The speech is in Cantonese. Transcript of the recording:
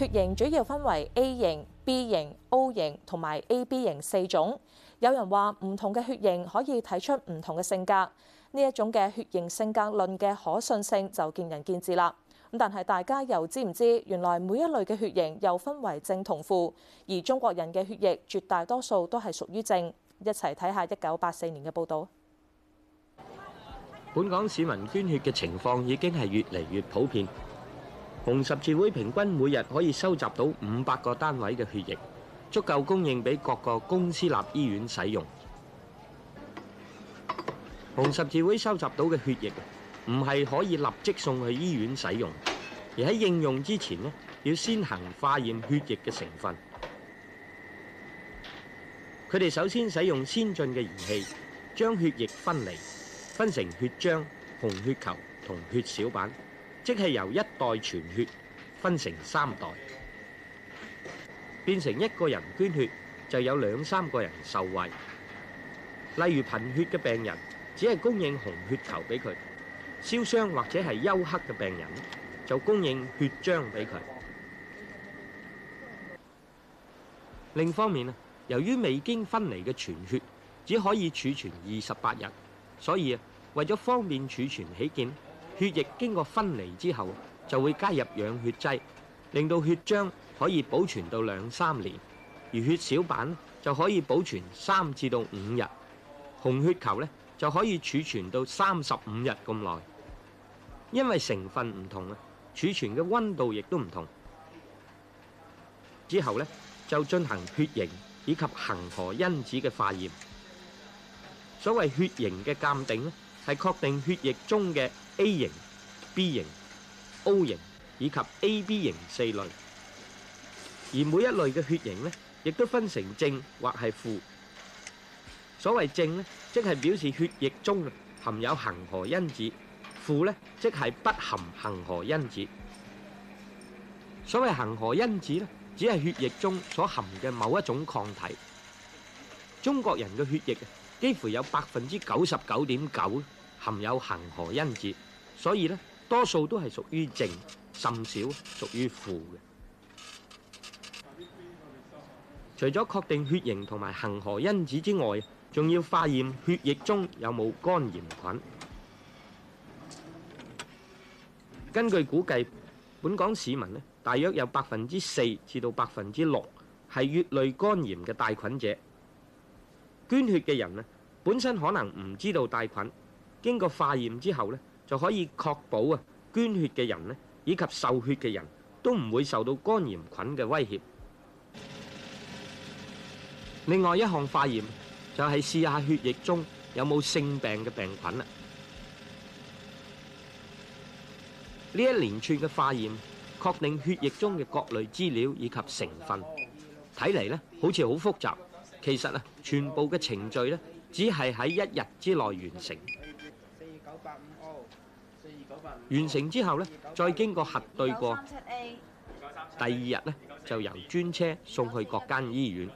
血型主要分為 A 型、B 型、O 型同埋 AB 型四種。有人話唔同嘅血型可以睇出唔同嘅性格，呢一種嘅血型性格論嘅可信性就見仁見智啦。咁但係大家又知唔知，原來每一類嘅血型又分為正同負，而中國人嘅血液絕大多數都係屬於正。一齊睇下一九八四年嘅報導。本港市民捐血嘅情況已經係越嚟越普遍。紅十字會平均每日可以收集到五百個單位嘅血液，足夠供應俾各個公私立醫院使用。紅十字會收集到嘅血液啊，唔係可以立即送去醫院使用，而喺應用之前咧，要先行化驗血液嘅成分。佢哋首先使用先進嘅儀器，將血液分離，分成血漿、紅血球同血小板。即係由一袋全血，分成三袋，變成一個人捐血就有兩三個人受惠。例如貧血嘅病人，只係供應紅血球俾佢；燒傷或者係休克嘅病人，就供應血漿俾佢。另一方面啊，由於未經分離嘅全血只可以儲存二十八日，所以啊，為咗方便儲存起見。血液經過分離之後，就會加入養血劑，令到血漿可以保存到兩三年，而血小板就可以保存三至到五日，紅血球咧就可以儲存到三十五日咁耐，因為成分唔同啊，儲存嘅温度亦都唔同。之後咧就進行血型以及恆河因子嘅化驗。所謂血型嘅鑑定咧，係確定血液中嘅 A 型、B 型、O 型以及 AB 型四類，而每一類嘅血型呢，亦都分成正或係負。所謂正呢，即係表示血液中含有恆河因子；負呢，即係不含恆河因子。所謂恆河因子呢，只係血液中所含嘅某一種抗體。中國人嘅血液啊，幾乎有百分之九十九點九含有恒河因子，所以咧，多數都係屬於正，甚少屬於負嘅。除咗確定血型同埋恒河因子之外，仲要化驗血液中有冇肝炎菌。根據估計，本港市民咧，大約有百分之四至到百分之六係乙類肝炎嘅帶菌者。捐血嘅人呢，本身可能唔知道帶菌，經過化驗之後呢，就可以確保啊，捐血嘅人呢，以及受血嘅人都唔會受到肝炎菌嘅威脅。另外一項化驗就係試下血液中有冇性病嘅病菌啦。呢一連串嘅化驗，確定血液中嘅各類資料以及成分，睇嚟呢，好似好複雜。其實啊，全部嘅程序咧，只係喺一日之內完成。完成之後咧，再經過核對過，第二日咧就由專車送去各間醫院。